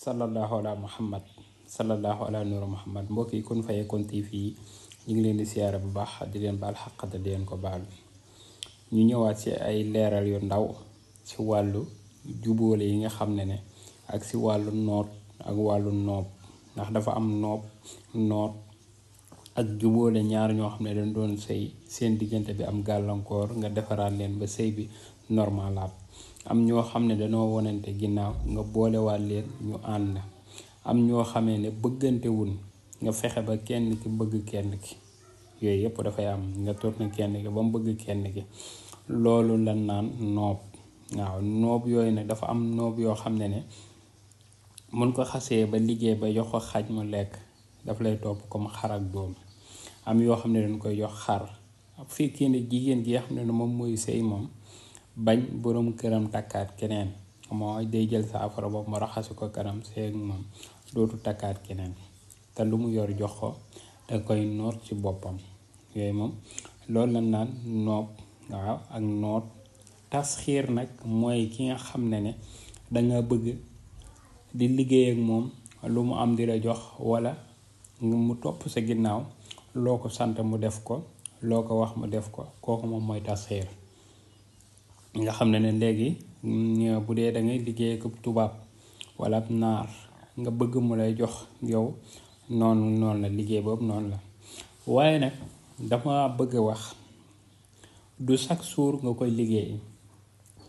sallallahu ala muhammad sallallahu ala nuru muhammad mbokk yi Kun kon TV yi ñu ngi leen di siyaare bu baax di leen baal xaq di leen ko baal ñu ñëwaat si ay leeral yu ndaw si wàllu jubóole yi nga xam ne ne ak si wàllu noot ak wàllu noob ndax dafa am noob noot ak jubóole ñaar ñoo xam ne dañ doon sëy seen diggante bi am gàllankoor nga defaraat leen ba sëy bi normalaat am ñoo xam ne danoo wonante ginnaaw nga boolewaat leen ñu ànd am ñoo xamee ne bëggante wun nga fexe ba kenn ki bëgg kenn ki yooyu yëpp dafay am nga na kenn ki ba mu bëgg kenn ki loolu la naan noob waaw noob yooyu nag dafa am noob yoo xam ne ne mun ko xasee ba liggéey ba jox ko xaj mu lekk daf lay topp comme xar ak doom am yoo xam ne dañ koy jox xar fekkee ne jigéen gi nga xam ne moom mooy sëy moom bañ boroom këram takkaat keneen mooy day jël sa saafara ba mu raxasu ko kanam seeg moom dootu takkaat keneen te lu mu yor jox ko da koy noot ci boppam yooyu moom loolu la naan noog waaw ak noot tas tasxiir nag mooy ki nga xam ne ne danga bëgg di liggéey ak moom lu mu am di la jox walla mu topp sa ginnaaw loo ko sant mu def ko loo ko wax mu def ko kooku moom mooy tasxiir nga xam ne ne léegi mm, bu dee da ngay liggéey ak tubaab wala ab naar nga bëgg mu lay jox yow noon noonu la liggéey boobu noonu la waaye nag dama bëgg wax du chaque jour nga koy liggéey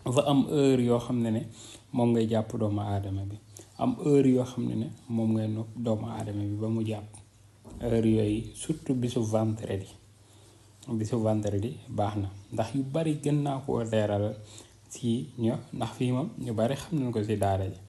dafa am heure yoo xam ne ne moom ngay jàpp doomu aadama bi am heure yoo xam ne ne moom ngay nopp doomu aadama bi ba mu jàpp heure yooyu surtout bisu vendredi bisu vendredi baax na ndax yu bari gën naa ko leeral si ñu ndax fii moom ñu bari xam na ko si daara ji